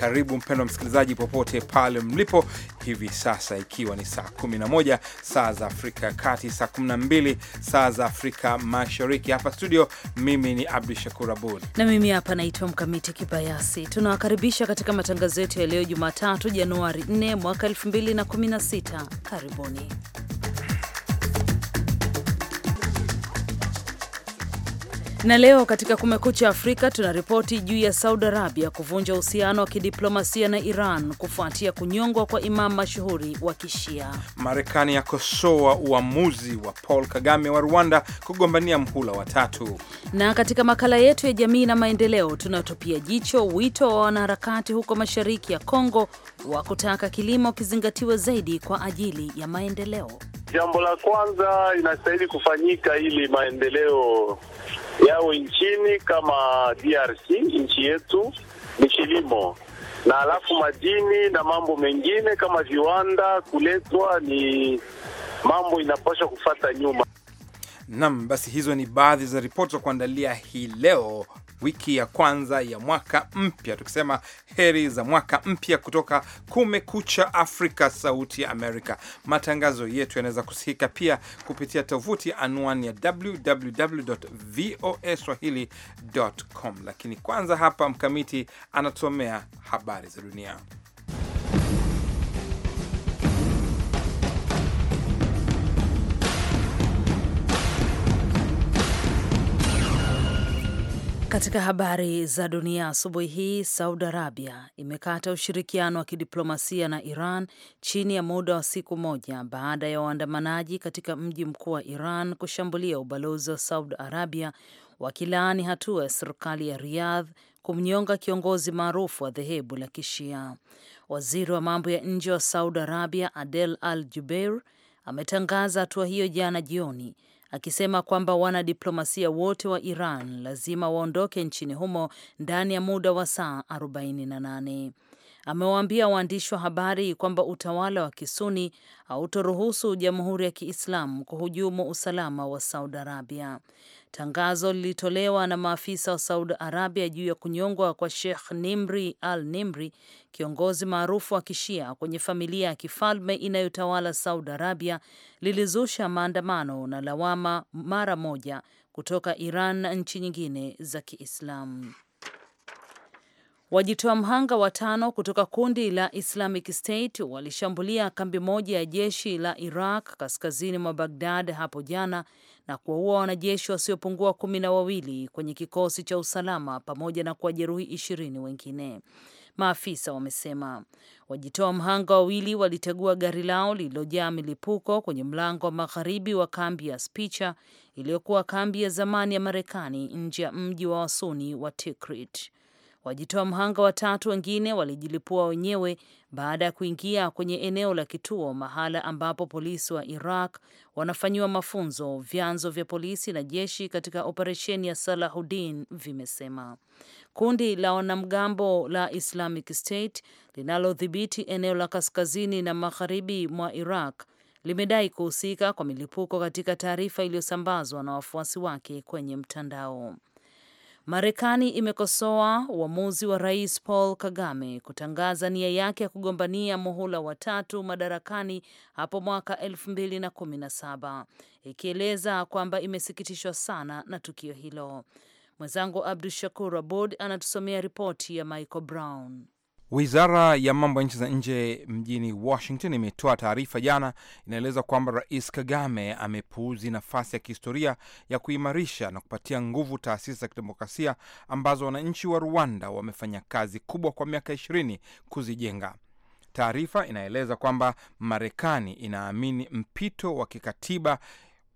Karibu mpendwa msikilizaji, popote pale mlipo hivi sasa, ikiwa ni saa 11 saa za Afrika ya Kati, saa 12 saa za Afrika Mashariki. Hapa studio, mimi ni Abdu Shakur Abud na mimi hapa naitwa Mkamiti Kibayasi. Tunawakaribisha katika matangazo yetu ya leo Jumatatu, Januari 4 mwaka 2016. Karibuni. Na leo katika Kumekucha Afrika tunaripoti juu ya Saudi Arabia kuvunja uhusiano wa kidiplomasia na Iran kufuatia kunyongwa kwa imamu mashuhuri wa Kishia. Marekani yakosoa uamuzi wa Paul Kagame wa Rwanda kugombania mhula wa tatu. Na katika makala yetu ya jamii na maendeleo tunatupia jicho wito wa wanaharakati huko mashariki ya Kongo wa kutaka kilimo kizingatiwe zaidi kwa ajili ya maendeleo. Jambo la kwanza inastahili kufanyika ili maendeleo yawe nchini kama DRC nchi yetu ni kilimo na alafu madini na mambo mengine kama viwanda kuletwa, ni mambo inapaswa kufata nyuma. Nam, basi hizo ni baadhi za ripoti za kuandalia hii leo wiki ya kwanza ya mwaka mpya, tukisema heri za mwaka mpya kutoka Kumekucha Afrika, Sauti ya Amerika. Matangazo yetu yanaweza kusikika pia kupitia tovuti anwani ya www voa swahilicom lakini kwanza hapa Mkamiti anatusomea habari za dunia. Katika habari za dunia asubuhi hii, Saudi Arabia imekata ushirikiano wa kidiplomasia na Iran chini ya muda wa siku moja baada ya waandamanaji katika mji mkuu wa Iran kushambulia ubalozi wa Saudi Arabia wakilaani hatua ya serikali ya Riyadh kumnyonga kiongozi maarufu wa dhehebu la Kishia. Waziri wa mambo ya nje wa Saudi Arabia Adel Al Jubeir ametangaza hatua hiyo jana jioni akisema kwamba wanadiplomasia wote wa Iran lazima waondoke nchini humo ndani ya muda wa saa 48. Amewaambia waandishi wa habari kwamba utawala wa Kisuni hautoruhusu Jamhuri ya Kiislamu kuhujumu usalama wa Saudi Arabia. Tangazo lilitolewa na maafisa wa Saudi Arabia juu ya kunyongwa kwa Sheikh Nimri al Nimri, kiongozi maarufu wa Kishia kwenye familia ya kifalme inayotawala Saudi Arabia, lilizusha maandamano na lawama mara moja kutoka Iran na nchi nyingine za Kiislamu. Wajitoa mhanga watano kutoka kundi la Islamic State walishambulia kambi moja ya jeshi la Iraq kaskazini mwa Bagdad hapo jana na kuwaua wanajeshi wasiopungua kumi na wawili kwenye kikosi cha usalama pamoja na kuwajeruhi ishirini wengine. Maafisa wamesema wajitoa mhanga wawili walitegua gari lao lililojaa milipuko kwenye mlango wa magharibi wa kambi ya Spicha iliyokuwa kambi ya zamani ya Marekani nje ya mji wa Wasuni wa Tikrit. Wajitoa mhanga watatu wengine walijilipua wenyewe baada ya kuingia kwenye eneo la kituo, mahala ambapo polisi wa Iraq wanafanyiwa mafunzo, vyanzo vya polisi na jeshi katika operesheni ya Salahuddin vimesema. Kundi la wanamgambo la Islamic State linalodhibiti eneo la kaskazini na magharibi mwa Iraq limedai kuhusika kwa milipuko katika taarifa iliyosambazwa na wafuasi wake kwenye mtandao. Marekani imekosoa uamuzi wa Rais Paul Kagame kutangaza nia yake ya kugombania muhula wa tatu madarakani hapo mwaka na kumi saba ikieleza kwamba imesikitishwa sana na tukio hilo. Mwenzangu Abdu Shakur Abud anatusomea ripoti ya Michael Brown. Wizara ya mambo ya nchi za nje mjini Washington imetoa taarifa jana, inaeleza kwamba Rais Kagame amepuuzi nafasi ya kihistoria ya kuimarisha na kupatia nguvu taasisi za kidemokrasia ambazo wananchi wa Rwanda wamefanya kazi kubwa kwa miaka ishirini kuzijenga. Taarifa inaeleza kwamba Marekani inaamini mpito wa kikatiba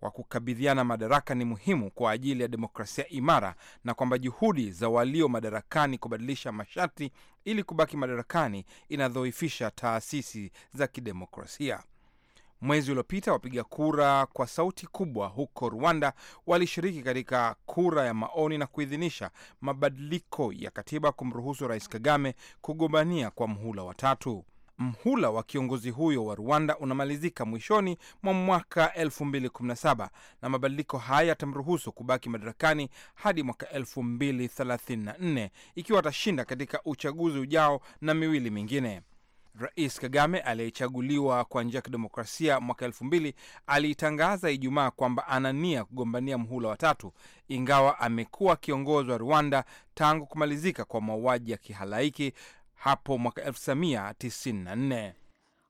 wa kukabidhiana madaraka ni muhimu kwa ajili ya demokrasia imara na kwamba juhudi za walio madarakani kubadilisha masharti ili kubaki madarakani inadhoifisha taasisi za kidemokrasia. Mwezi uliopita wapiga kura kwa sauti kubwa huko Rwanda walishiriki katika kura ya maoni na kuidhinisha mabadiliko ya katiba kumruhusu Rais Kagame kugombania kwa mhula watatu. Mhula wa kiongozi huyo wa Rwanda unamalizika mwishoni mwa mwaka 2017 na mabadiliko haya yatamruhusu kubaki madarakani hadi mwaka 2034 ikiwa atashinda katika uchaguzi ujao na miwili mingine. Rais Kagame aliyechaguliwa kwa njia ya kidemokrasia mwaka elfu mbili aliitangaza Ijumaa kwamba ana nia kugombania mhula wa tatu, ingawa amekuwa kiongozi wa Rwanda tangu kumalizika kwa mauaji ya kihalaiki hapo mwaka 1994.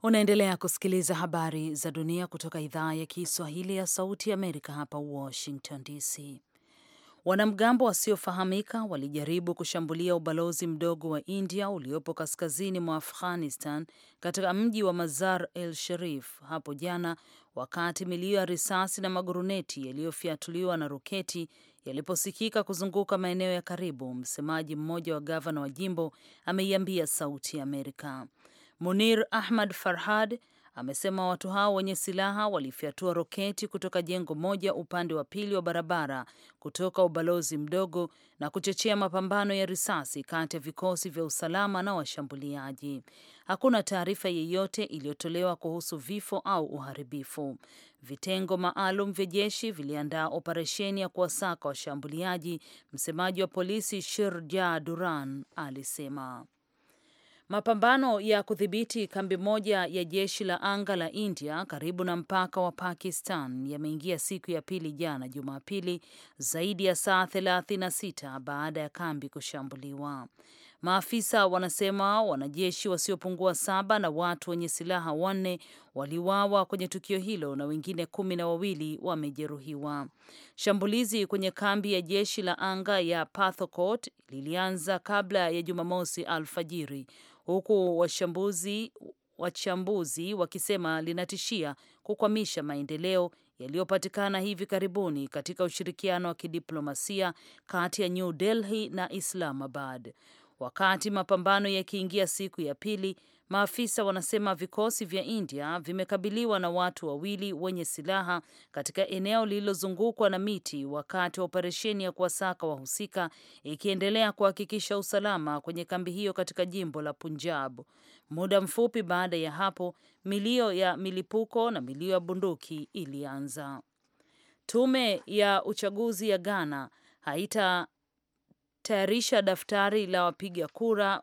Unaendelea kusikiliza habari za dunia kutoka idhaa ya Kiswahili ya Sauti ya Amerika, hapa Washington DC. Wanamgambo wasiofahamika walijaribu kushambulia ubalozi mdogo wa India uliopo kaskazini mwa Afghanistan katika mji wa Mazar el Sharif hapo jana, wakati milio ya risasi na maguruneti yaliyofyatuliwa na roketi yaliposikika kuzunguka maeneo ya karibu. Msemaji mmoja wa gavana wa jimbo ameiambia Sauti ya Amerika. Munir Ahmad Farhad amesema watu hao wenye silaha walifyatua roketi kutoka jengo moja upande wa pili wa barabara kutoka ubalozi mdogo na kuchochea mapambano ya risasi kati ya vikosi vya usalama na washambuliaji. Hakuna taarifa yeyote iliyotolewa kuhusu vifo au uharibifu. Vitengo maalum vya jeshi viliandaa operesheni ya kuwasaka washambuliaji, msemaji wa polisi Shirja Duran alisema. Mapambano ya kudhibiti kambi moja ya jeshi la anga la India karibu na mpaka wa Pakistan yameingia siku ya pili jana Jumapili, zaidi ya saa 36 baada ya kambi kushambuliwa. Maafisa wanasema wanajeshi wasiopungua saba na watu wenye silaha wanne waliuawa kwenye tukio hilo na wengine kumi na wawili wamejeruhiwa. Shambulizi kwenye kambi ya jeshi la anga ya Pathokot lilianza kabla ya Jumamosi alfajiri huku washambuzi wachambuzi wakisema linatishia kukwamisha maendeleo yaliyopatikana hivi karibuni katika ushirikiano wa kidiplomasia kati ya New Delhi na Islamabad. Wakati mapambano yakiingia siku ya pili, Maafisa wanasema vikosi vya India vimekabiliwa na watu wawili wenye silaha katika eneo lililozungukwa na miti wakati wa operesheni ya kuwasaka wahusika ikiendelea kuhakikisha usalama kwenye kambi hiyo katika jimbo la Punjab. Muda mfupi baada ya hapo, milio ya milipuko na milio ya bunduki ilianza. Tume ya uchaguzi ya Ghana haitatayarisha daftari la wapiga kura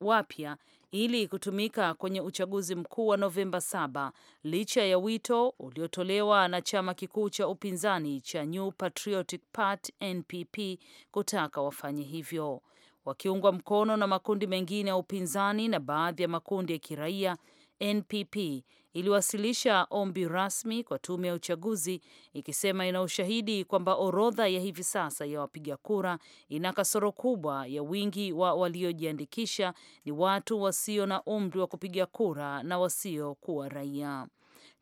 wapya ili kutumika kwenye uchaguzi mkuu wa Novemba 7 licha ya wito uliotolewa na chama kikuu cha upinzani cha New Patriotic Party NPP kutaka wafanye hivyo, wakiungwa mkono na makundi mengine ya upinzani na baadhi ya makundi ya kiraia. NPP iliwasilisha ombi rasmi kwa tume ya uchaguzi ikisema ina ushahidi kwamba orodha ya hivi sasa ya wapiga kura ina kasoro kubwa ya wingi wa waliojiandikisha ni watu wasio na umri wa kupiga kura na wasiokuwa raia.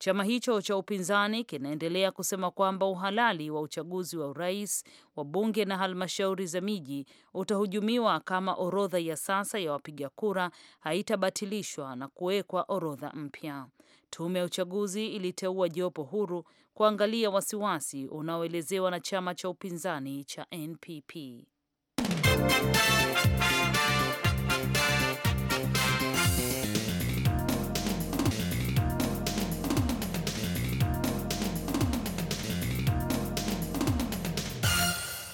Chama hicho cha upinzani kinaendelea kusema kwamba uhalali wa uchaguzi wa urais, wa bunge na halmashauri za miji utahujumiwa kama orodha ya sasa ya wapiga kura haitabatilishwa na kuwekwa orodha mpya. Tume ya uchaguzi iliteua jopo huru kuangalia wasiwasi unaoelezewa na chama cha upinzani cha NPP.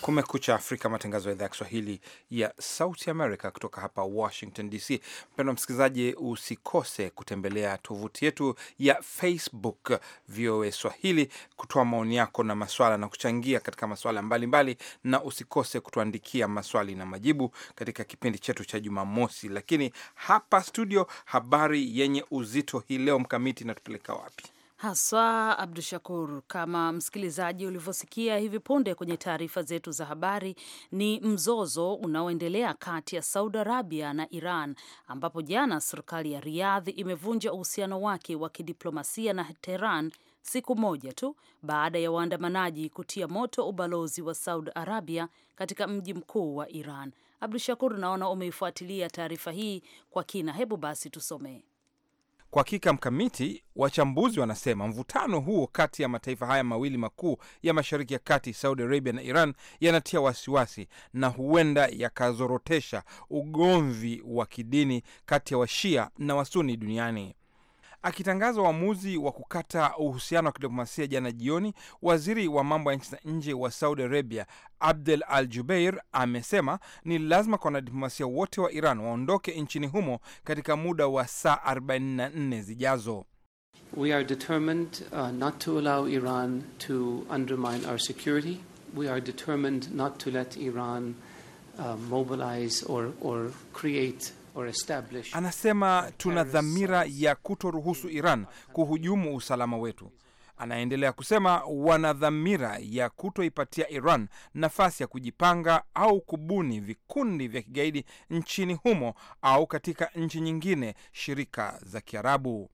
Kumekucha Afrika, matangazo ya idhaa ya Kiswahili ya Sauti Amerika kutoka hapa Washington DC. Mpendwa msikilizaji, usikose kutembelea tovuti yetu ya Facebook VOA Swahili kutoa maoni yako na maswala na kuchangia katika maswala mbalimbali mbali, na usikose kutuandikia maswali na majibu katika kipindi chetu cha Jumamosi. Lakini hapa studio, habari yenye uzito hii leo, Mkamiti inatupeleka wapi? haswa Abdu Shakur. Kama msikilizaji ulivyosikia hivi punde kwenye taarifa zetu za habari, ni mzozo unaoendelea kati ya Saudi Arabia na Iran, ambapo jana serikali ya Riyadh imevunja uhusiano wake wa kidiplomasia na Teheran siku moja tu baada ya waandamanaji kutia moto ubalozi wa Saudi Arabia katika mji mkuu wa Iran. Abdu Shakur, naona umeifuatilia taarifa hii kwa kina, hebu basi tusomee. Kwa hakika mkamiti, wachambuzi wanasema mvutano huo kati ya mataifa haya mawili makuu ya Mashariki ya Kati, Saudi Arabia na Iran, yanatia wasiwasi na huenda yakazorotesha ugomvi wa kidini kati ya Washia na Wasuni duniani. Akitangaza uamuzi wa kukata uhusiano wa kidiplomasia jana jioni, waziri wa mambo ya nchi za nje wa Saudi Arabia Abdel Al Jubeir amesema ni lazima kwa wanadiplomasia wote wa Iran waondoke nchini humo katika muda wa saa 44 zijazo. We are determined uh, not to allow Iran to undermine our security. We are determined not to let Iran uh, mobilize or, or create Anasema tuna dhamira ya kutoruhusu Iran kuhujumu usalama wetu. Anaendelea kusema wana dhamira ya kutoipatia Iran nafasi ya kujipanga au kubuni vikundi vya kigaidi nchini humo au katika nchi nyingine, shirika za Kiarabu.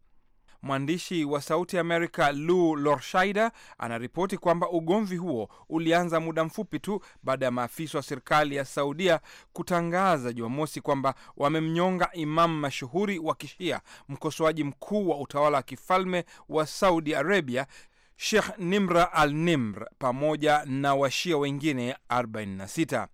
Mwandishi wa Sauti Amerika Lu Lorshaida anaripoti kwamba ugomvi huo ulianza muda mfupi tu baada ya maafisa wa serikali ya Saudia kutangaza Jumamosi kwamba wamemnyonga imamu mashuhuri wa Kishia, mkosoaji mkuu wa utawala wa kifalme wa Saudi Arabia, Sheikh Nimra al Nimr pamoja na Washia wengine 46.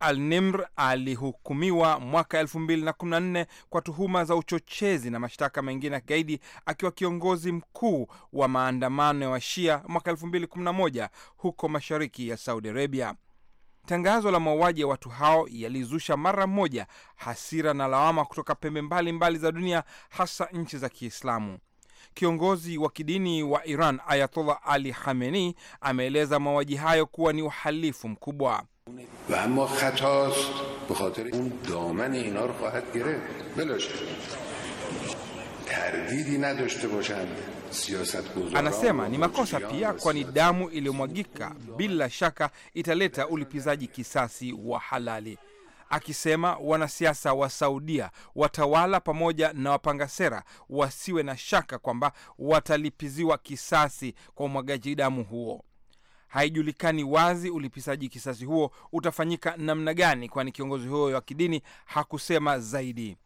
Al-Nimr alihukumiwa mwaka 2014 kwa tuhuma za uchochezi na mashtaka mengine ya kigaidi akiwa kiongozi mkuu wa maandamano ya Shia mwaka 2011 huko mashariki ya Saudi Arabia. Tangazo la mauaji ya watu hao yalizusha mara moja hasira na lawama kutoka pembe mbalimbali mbali za dunia, hasa nchi za Kiislamu. Kiongozi wa kidini wa Iran Ayatollah Ali Khamenei ameeleza mauaji hayo kuwa ni uhalifu mkubwa. و اما خطاست به خاطر اون دامن اینا رو خواهد گرفت بلاشه تردیدی نداشته باشند Anasema ni makosa pia, kwani damu iliyomwagika bila shaka italeta ulipizaji kisasi wa halali, akisema wanasiasa wa Saudia, watawala pamoja na wapanga sera wasiwe na shaka kwamba watalipiziwa kisasi kwa umwagaji damu huo. Haijulikani wazi ulipisaji kisasi huo utafanyika namna gani, kwani kiongozi huyo wa kidini hakusema zaidi.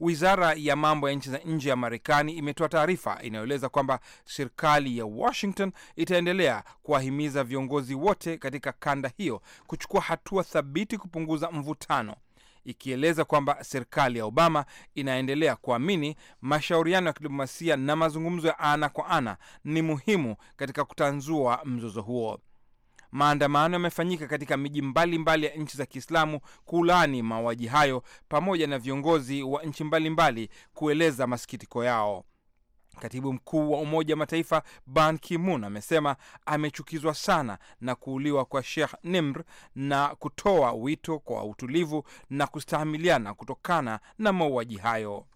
Wizara ya mambo ya nchi za nje ya Marekani imetoa taarifa inayoeleza kwamba serikali ya Washington itaendelea kuwahimiza viongozi wote katika kanda hiyo kuchukua hatua thabiti kupunguza mvutano ikieleza kwamba serikali ya Obama inaendelea kuamini mashauriano ya kidiplomasia na mazungumzo ya ana kwa ana ni muhimu katika kutanzua mzozo huo. Maandamano yamefanyika katika miji mbalimbali ya nchi za Kiislamu kulaani mauaji hayo pamoja na viongozi wa nchi mbalimbali kueleza masikitiko yao. Katibu mkuu wa Umoja wa Mataifa Ban Ki-moon amesema amechukizwa sana na kuuliwa kwa Sheikh Nimr na kutoa wito kwa utulivu na kustahamiliana kutokana na mauaji hayo.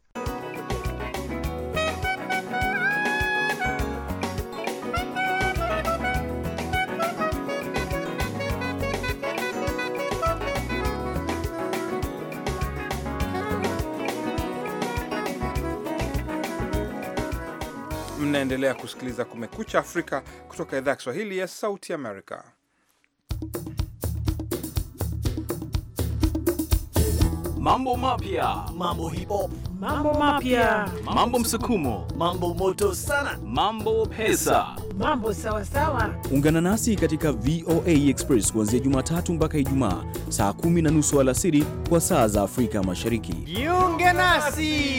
Unaendelea kusikiliza Kumekucha Afrika kutoka idhaa ya Kiswahili ya Sauti Amerika. Mambo mapya, mambo hipo, mambo mapya, mambo msukumo, mambo moto sana, mambo pesa, mambo sawasawa. Ungana nasi katika VOA Express kuanzia Jumatatu mpaka Ijumaa saa kumi na nusu alasiri kwa saa za Afrika Mashariki. Jiunge nasi.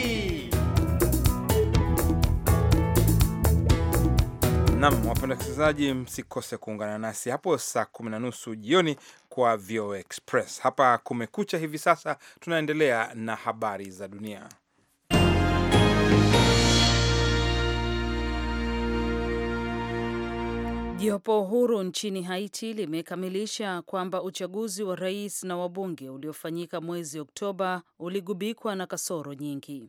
Nam, wapenda wasikilizaji, msikose kuungana nasi hapo saa kumi na nusu jioni kwa VOA Express hapa Kumekucha. Hivi sasa tunaendelea na habari za dunia. Jopo huru nchini Haiti limekamilisha kwamba uchaguzi wa rais na wabunge uliofanyika mwezi Oktoba uligubikwa na kasoro nyingi.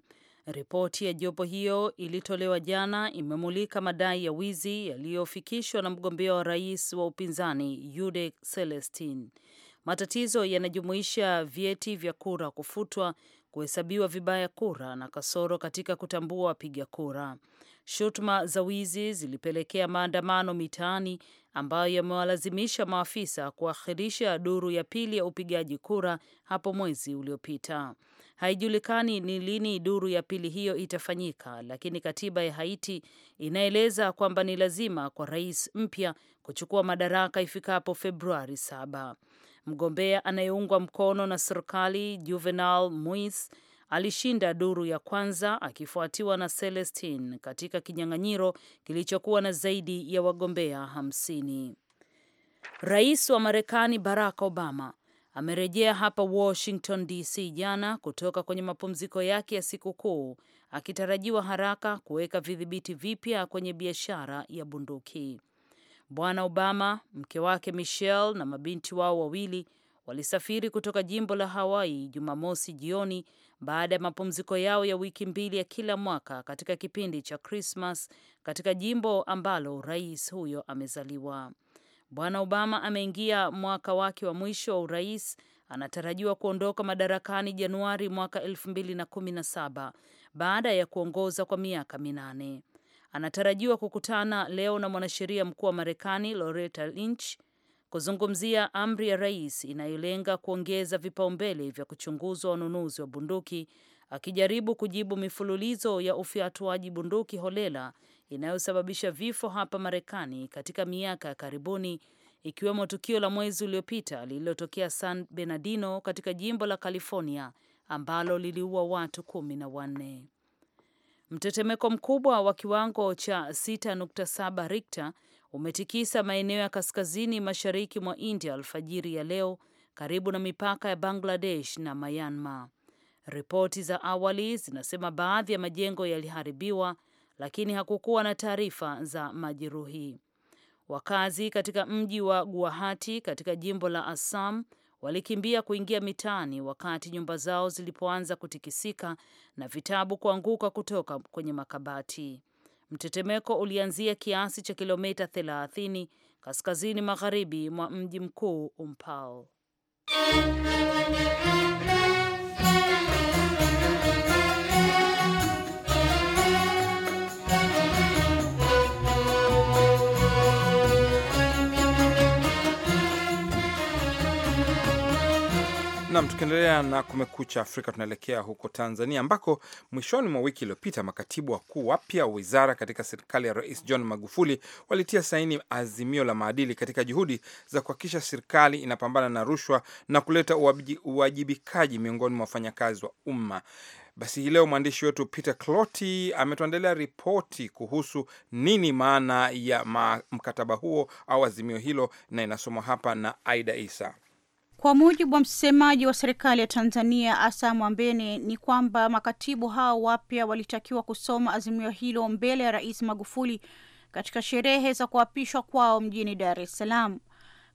Ripoti ya jopo hiyo ilitolewa jana imemulika madai ya wizi yaliyofikishwa na mgombea wa rais wa upinzani Yude Celestin. Matatizo yanajumuisha vyeti vya kura kufutwa, kuhesabiwa vibaya kura na kasoro katika kutambua wapiga kura. Shutuma za wizi zilipelekea maandamano mitaani ambayo yamewalazimisha maafisa kuakhirisha duru ya pili ya upigaji kura hapo mwezi uliopita. Haijulikani ni lini duru ya pili hiyo itafanyika, lakini katiba ya Haiti inaeleza kwamba ni lazima kwa rais mpya kuchukua madaraka ifikapo Februari saba. Mgombea anayeungwa mkono na serikali Juvenal muis alishinda duru ya kwanza akifuatiwa na Celestin katika kinyang'anyiro kilichokuwa na zaidi ya wagombea hamsini. Rais wa Marekani Barack Obama amerejea hapa Washington DC jana kutoka kwenye mapumziko yake ya sikukuu akitarajiwa haraka kuweka vidhibiti vipya kwenye biashara ya bunduki. Bwana Obama, mke wake Michelle na mabinti wao wawili walisafiri kutoka jimbo la Hawaii Jumamosi jioni baada ya mapumziko yao ya wiki mbili ya kila mwaka katika kipindi cha Krismas katika jimbo ambalo rais huyo amezaliwa. Bwana Obama ameingia mwaka wake wa mwisho wa urais. Anatarajiwa kuondoka madarakani Januari mwaka 2017 baada ya kuongoza kwa miaka minane. Anatarajiwa kukutana leo na mwanasheria mkuu wa Marekani Loretta Lynch kuzungumzia amri ya rais inayolenga kuongeza vipaumbele vya kuchunguzwa wanunuzi wa bunduki, akijaribu kujibu mifululizo ya ufyatuaji bunduki holela inayosababisha vifo hapa Marekani katika miaka ya karibuni, ikiwemo tukio la mwezi uliopita lililotokea San Bernardino katika jimbo la California ambalo liliua watu kumi na wanne. Mtetemeko mkubwa wa kiwango cha 6.7 Richter umetikisa maeneo ya kaskazini mashariki mwa India alfajiri ya leo karibu na mipaka ya Bangladesh na Myanmar. Ripoti za awali zinasema baadhi ya majengo yaliharibiwa lakini hakukuwa na taarifa za majeruhi. Wakazi katika mji wa Guwahati katika jimbo la Assam walikimbia kuingia mitaani wakati nyumba zao zilipoanza kutikisika na vitabu kuanguka kutoka kwenye makabati. Mtetemeko ulianzia kiasi cha kilomita 30 kaskazini magharibi mwa mji mkuu Umpal. Nam, tukiendelea na Kumekucha Afrika, tunaelekea huko Tanzania ambako mwishoni mwa wiki iliyopita makatibu wakuu wapya wa wizara katika serikali ya Rais John Magufuli walitia saini azimio la maadili katika juhudi za kuhakikisha serikali inapambana na rushwa na kuleta uwajibikaji miongoni mwa wafanyakazi wa umma. Basi hii leo mwandishi wetu Peter Cloti ametuandalia ripoti kuhusu nini maana ya mkataba huo au azimio hilo, na inasomwa hapa na Aida Isa. Kwa mujibu wa msemaji wa serikali ya Tanzania Asa Mwambene ni kwamba makatibu hao wapya walitakiwa kusoma azimio hilo mbele ya Rais Magufuli katika sherehe za kuapishwa kwao mjini Dar es Salaam.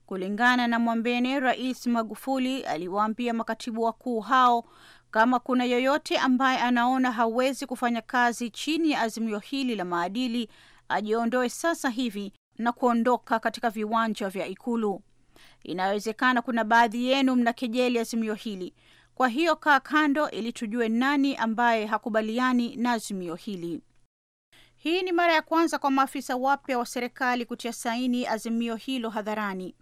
Kulingana na Mwambene, Rais Magufuli aliwaambia makatibu wakuu hao kama kuna yoyote ambaye anaona hawezi kufanya kazi chini ya azimio hili la maadili, ajiondoe sasa hivi na kuondoka katika viwanja vya Ikulu. Inawezekana kuna baadhi yenu mna kejeli azimio hili, kwa hiyo kaa kando ili tujue nani ambaye hakubaliani na azimio hili. Hii ni mara ya kwanza kwa maafisa wapya wa serikali kutia saini azimio hilo hadharani.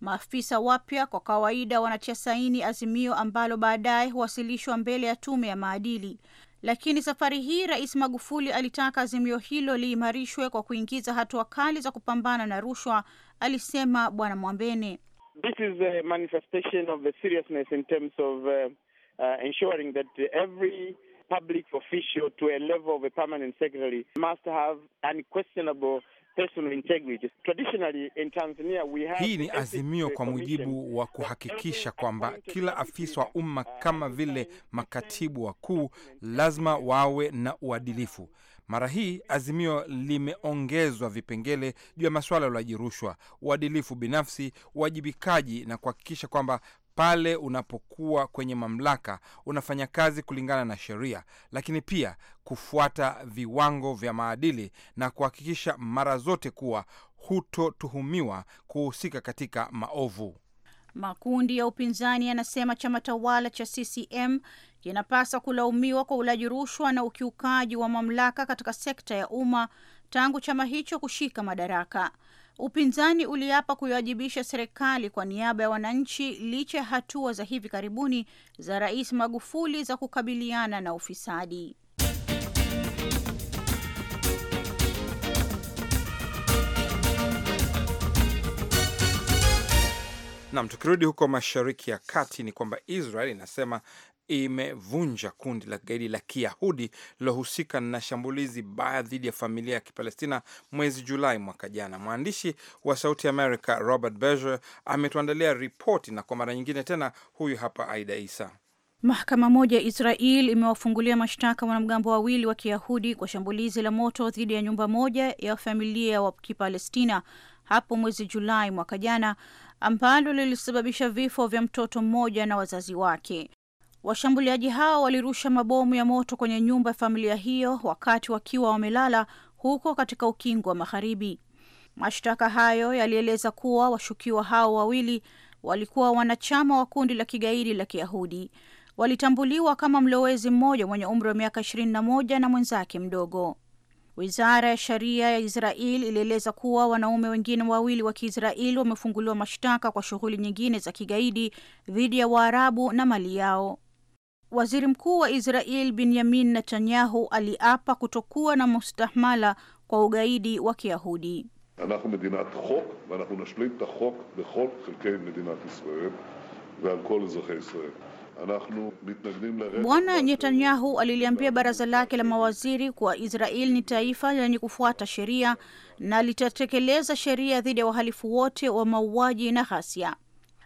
Maafisa wapya kwa kawaida wanatia saini azimio ambalo baadaye huwasilishwa mbele ya tume ya maadili, lakini safari hii Rais Magufuli alitaka azimio hilo liimarishwe kwa kuingiza hatua kali za kupambana na rushwa, alisema Bwana Mwambene this is a manifestation of the seriousness in terms of uh, uh, ensuring that every public official to a level of a permanent secretary must have unquestionable personal integrity. Traditionally in Tanzania we have. Hii ni azimio kwa mujibu wa kuhakikisha kwamba kila afisa wa umma kama vile makatibu wakuu lazima wawe na uadilifu. Mara hii azimio limeongezwa vipengele juu ya masuala ya ulaji rushwa, uadilifu binafsi, uwajibikaji na kuhakikisha kwamba pale unapokuwa kwenye mamlaka unafanya kazi kulingana na sheria, lakini pia kufuata viwango vya maadili na kuhakikisha mara zote kuwa hutotuhumiwa kuhusika katika maovu. Makundi ya upinzani yanasema chama tawala cha CCM kinapaswa kulaumiwa kwa ulaji rushwa na ukiukaji wa mamlaka katika sekta ya umma tangu chama hicho kushika madaraka. Upinzani uliapa kuiwajibisha serikali kwa niaba ya wananchi licha ya hatua za hivi karibuni za Rais Magufuli za kukabiliana na ufisadi. Nam, tukirudi huko Mashariki ya Kati ni kwamba Israel inasema imevunja kundi la kigaidi la Kiyahudi lilohusika na shambulizi baya dhidi ya familia ya Kipalestina mwezi Julai mwaka jana. Mwandishi wa Sauti America Robert Berger ametuandalia ripoti, na kwa mara nyingine tena, huyu hapa Aida Isa. Mahakama moja ya Israel imewafungulia mashtaka wanamgambo wawili wa Kiyahudi kwa shambulizi la moto dhidi ya nyumba moja ya familia wa Kipalestina hapo mwezi Julai mwaka jana ambalo lilisababisha vifo vya mtoto mmoja na wazazi wake. Washambuliaji hao walirusha mabomu ya moto kwenye nyumba ya familia hiyo wakati wakiwa wamelala huko katika ukingo wa magharibi. Mashtaka hayo yalieleza kuwa washukiwa hao wawili walikuwa wanachama wa kundi la kigaidi la Kiyahudi. Walitambuliwa kama mlowezi mmoja mwenye umri wa miaka 21 na mwenzake mdogo. Wizara ya sheria ya Israel ilieleza kuwa wanaume wengine wawili wa kiisrael wamefunguliwa mashtaka kwa shughuli nyingine za kigaidi dhidi ya Waarabu na mali yao. Waziri Mkuu wa Israel Benyamin Netanyahu aliapa kutokuwa na mustahmala kwa ugaidi wa Kiyahudi. Bwana Netanyahu aliliambia baraza lake la mawaziri kuwa Israel ni taifa lenye kufuata sheria na litatekeleza sheria dhidi ya wahalifu wote wa mauaji na ghasia.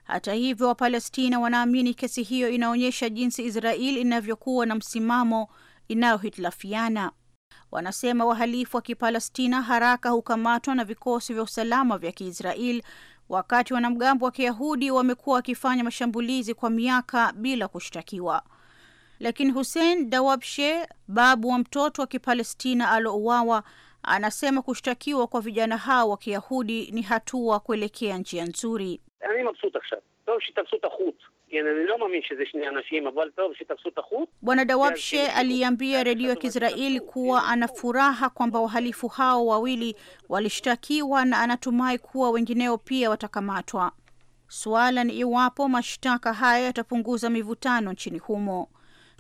Hata hivyo, Wapalestina wanaamini kesi hiyo inaonyesha jinsi Israel inavyokuwa na msimamo inayohitilafiana. Wanasema wahalifu wa Kipalestina haraka hukamatwa na vikosi vya usalama vya Kiisrael wakati wanamgambo wa Kiyahudi wamekuwa wakifanya mashambulizi kwa miaka bila kushtakiwa. Lakini Hussein Dawabshe, babu wa mtoto wa Kipalestina alouawa, anasema kushtakiwa kwa vijana hao wa Kiyahudi ni hatua kuelekea njia nzuri. Yaani Bwana Dawabshe aliambia redio ya Kiisraeli kuwa ana furaha kwamba wahalifu hao wawili walishtakiwa na anatumai kuwa wengineo pia watakamatwa. Suala ni iwapo mashtaka hayo yatapunguza mivutano nchini humo.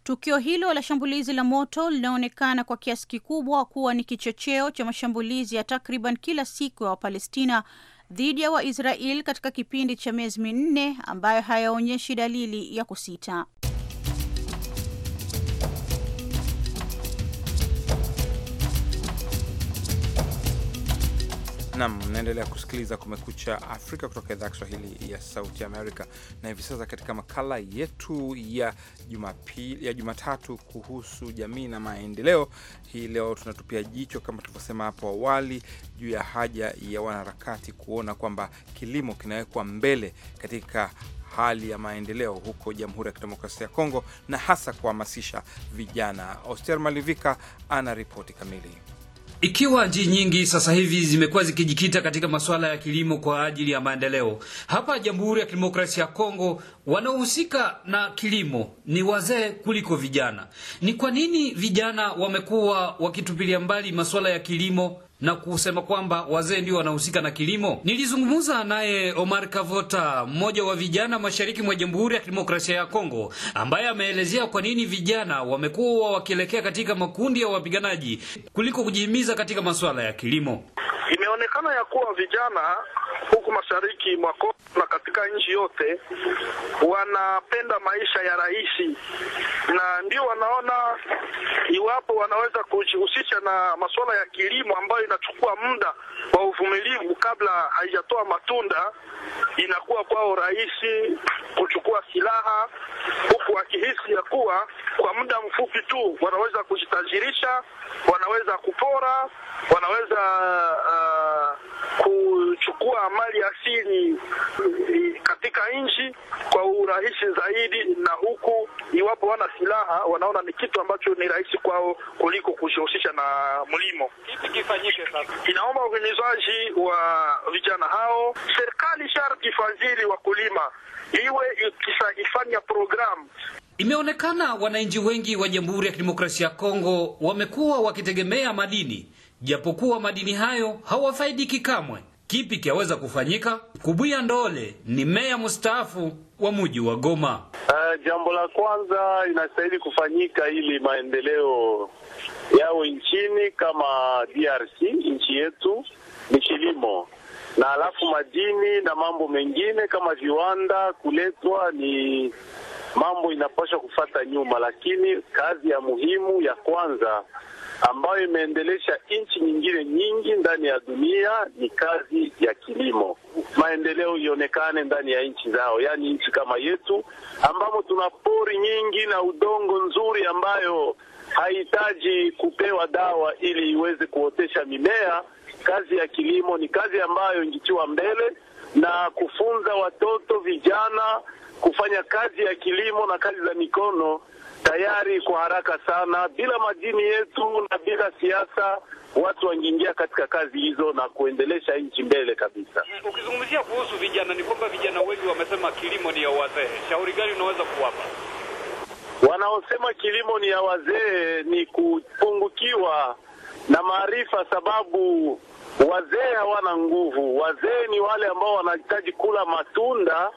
Tukio hilo la shambulizi la moto linaonekana kwa kiasi kikubwa kuwa ni kichocheo cha mashambulizi ya takriban kila siku ya Wapalestina dhidi ya Waisrael katika kipindi cha miezi minne ambayo hayaonyeshi dalili ya kusita. Nam, naendelea kusikiliza Kumekucha Afrika kutoka idhaa ya Kiswahili ya Sauti Amerika. Na hivi sasa katika makala yetu ya Jumapili, ya Jumatatu kuhusu jamii na maendeleo, hii leo tunatupia jicho kama tulivyosema hapo awali juu ya haja ya wanaharakati kuona kwamba kilimo kinawekwa mbele katika hali ya maendeleo huko Jamhuri ya Kidemokrasia ya Kongo na hasa kuhamasisha vijana. Oster Malivika ana ripoti kamili. Ikiwa nchi nyingi sasa hivi zimekuwa zikijikita katika masuala ya kilimo kwa ajili ya maendeleo, hapa Jamhuri ya Kidemokrasia ya Kongo wanaohusika na kilimo ni wazee kuliko vijana. Ni kwa nini vijana wamekuwa wakitupilia mbali masuala ya kilimo na kusema kwamba wazee ndio wanahusika na kilimo. Nilizungumza naye Omar Kavota, mmoja wa vijana mashariki mwa Jamhuri ya Kidemokrasia ya Kongo, ambaye ameelezea kwa nini vijana wamekuwa wakielekea katika makundi ya wapiganaji kuliko kujihimiza katika masuala ya kilimo imeonekana ya kuwa vijana huku mashariki mwa Kongo na katika nchi yote wanapenda maisha ya rahisi, na ndio wanaona iwapo wanaweza kujihusisha na masuala ya kilimo ambayo inachukua muda wa uvumilivu kabla haijatoa matunda, inakuwa kwao rahisi kuchukua silaha, huku wakihisi ya kuwa kwa muda mfupi tu wanaweza kujitajirisha, wanaweza kupora, wanaweza uh, kuchukua mali asili eh, katika nchi kwa urahisi zaidi, na huku iwapo wana silaha wanaona ni kitu ambacho ni rahisi kwao kuliko kujihusisha na mlimo. Kipi kifanyike sasa? Inaomba uhimizaji wa vijana hao, serikali sharti ifadhili wakulima, iwe ikishaifanya programu Imeonekana wananchi wengi wa Jamhuri ya Kidemokrasia ya Kongo wamekuwa wakitegemea madini japokuwa madini hayo hawafaidiki kamwe. Kipi kiaweza kufanyika? Kubuya Ndole ni meya mstaafu wa muji wa Goma. Uh, jambo la kwanza inastahili kufanyika ili maendeleo yawe nchini kama DRC nchi yetu ni kilimo na alafu madini na mambo mengine kama viwanda kuletwa, ni mambo inapaswa kufata nyuma, lakini kazi ya muhimu ya kwanza ambayo imeendelesha nchi nyingine nyingi ndani ya dunia ni kazi ya kilimo. Maendeleo ionekane ndani ya nchi zao, yaani nchi kama yetu ambamo tuna pori nyingi na udongo nzuri ambayo haihitaji kupewa dawa ili iweze kuotesha mimea. Kazi ya kilimo ni kazi ambayo ingitiwa mbele na kufunza watoto vijana kufanya kazi ya kilimo na kazi za mikono tayari kwa haraka sana. Bila majini yetu na bila siasa, watu wangeingia katika kazi hizo na kuendelesha nchi mbele kabisa. Ukizungumzia kuhusu vijana, ni kwamba vijana wengi wamesema kilimo ni ya wazee. Shauri gani unaweza kuwapa? Wanaosema kilimo ni ya wazee ni kupungukiwa na maarifa, sababu wazee hawana nguvu. Wazee ni wale ambao wanahitaji kula matunda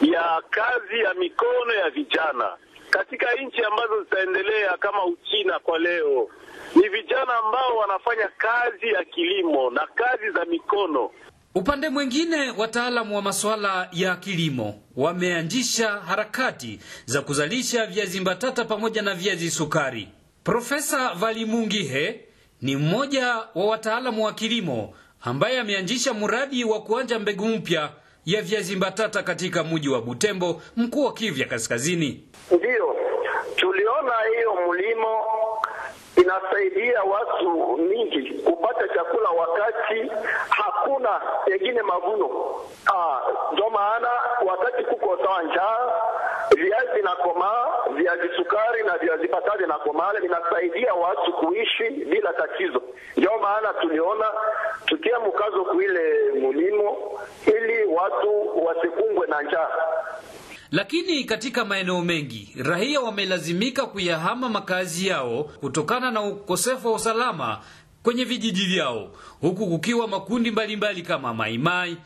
ya kazi ya mikono ya vijana katika nchi ambazo zitaendelea kama Uchina kwa leo ni vijana ambao wanafanya kazi ya kilimo na kazi za mikono. Upande mwingine, wataalamu wa masuala ya kilimo wameanzisha harakati za kuzalisha viazi mbatata pamoja na viazi sukari. Profesa Valimungihe ni mmoja wa wataalamu wa kilimo ambaye ameanzisha mradi wa kuanja mbegu mpya ya viazi mbatata katika mji wa Butembo, mkuu wa Kivya Kaskazini. Ndiyo tuliona hiyo mlimo inasaidia watu mingi kupata chakula wakati hakuna yengine mavuno. Ah, ndio maana kuko sawa njaa, viazi na komaa, viazi sukari na viazi patate na vinasaidia watu kuishi bila tatizo. Ndio maana tuliona tukia mkazo kuile mulimo ili watu wasikungwe na njaa. Lakini katika maeneo mengi raia wamelazimika kuyahama makazi yao kutokana na ukosefu wa usalama kwenye vijiji vyao, huku kukiwa makundi mbalimbali mbali kama Maimai,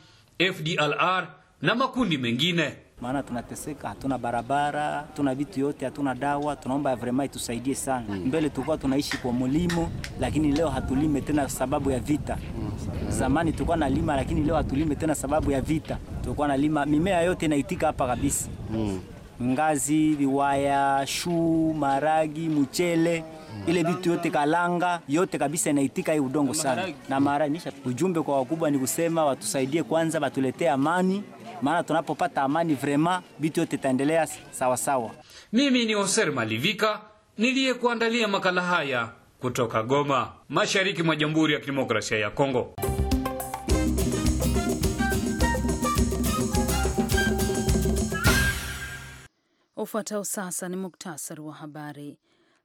FDLR na makundi mengine. Maana tunateseka, hatuna barabara, hatuna vitu yote, hatuna dawa. Tunaomba vrema itusaidie sana. Mm. Mbele tulikuwa tunaishi kwa mulimo, lakini leo hatulime tena sababu ya vita. Mm. Zamani tulikuwa nalima, lakini leo hatulime tena sababu ya vita. Tulikuwa nalima mimea yote inaitika hapa kabisa. Mm. Ngazi, viwaya, shuu, maragi, mchele ile vitu yote kalanga yote kabisa inaitika hii udongo sana na mara nisha. Ujumbe kwa wakubwa ni kusema watusaidie kwanza, watuletee amani, maana tunapopata amani vrema vitu yote itaendelea sawasawa. Mimi ni Hoser Malivika niliyekuandalia makala haya kutoka Goma, mashariki mwa Jamhuri ya Kidemokrasia ya Kongo. Ufuatao sasa ni muktasari wa habari.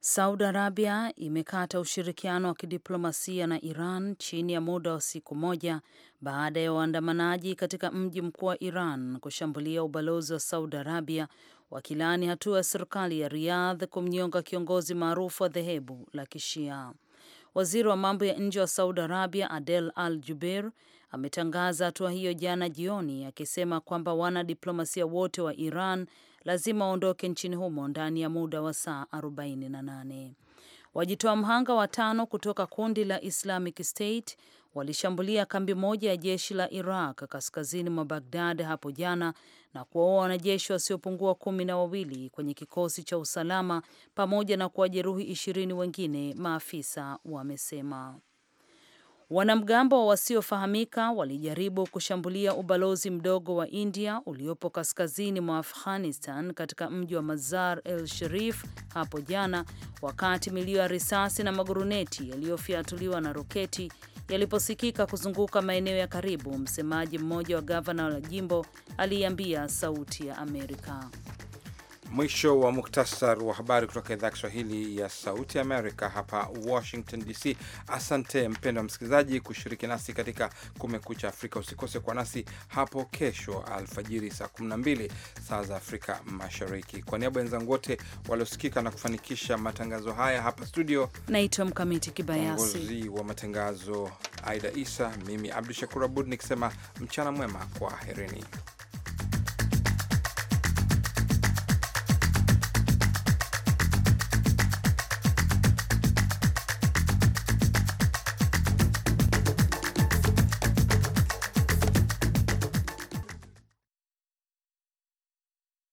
Saudi Arabia imekata ushirikiano wa kidiplomasia na Iran chini ya muda wa siku moja baada ya waandamanaji katika mji mkuu wa Iran kushambulia ubalozi wa Saudi Arabia wakilaani hatua ya serikali ya Riyadh kumnyonga kiongozi maarufu wa dhehebu la Kishia. Waziri wa mambo ya nje wa Saudi Arabia Adel Al Jubeir ametangaza hatua hiyo jana jioni, akisema kwamba wanadiplomasia wote wa Iran lazima waondoke nchini humo ndani ya muda wa saa 48. Wajitoa mhanga watano kutoka kundi la Islamic State walishambulia kambi moja ya jeshi la Iraq kaskazini mwa Bagdad hapo jana na kuwaua wanajeshi wasiopungua kumi na wawili kwenye kikosi cha usalama pamoja na kuwajeruhi ishirini wengine, maafisa wamesema. Wanamgambo wasiofahamika walijaribu kushambulia ubalozi mdogo wa India uliopo kaskazini mwa Afghanistan katika mji wa Mazar el Sharif hapo jana, wakati milio ya risasi na maguruneti yaliyofyatuliwa na roketi yaliposikika kuzunguka maeneo ya karibu. Msemaji mmoja wa gavana la jimbo aliiambia Sauti ya Amerika. Mwisho wa muktasar wa habari kutoka idhaa ya Kiswahili ya Sauti Amerika hapa Washington DC. Asante wa msikilizaji kushiriki nasi katika Kumekucha Afrika. Usikose kwa nasi hapo kesho alfajiri saa 12 saa za Afrika Mashariki. Kwa niaba wenzangu wote waliosikika na kufanikisha matangazo haya hapa studio, naitwa Mkamiti Kibayasi, wa matangazo Aida Isa, mimi Abdu Shakur Abud nikisema mchana mwema, kwa herini.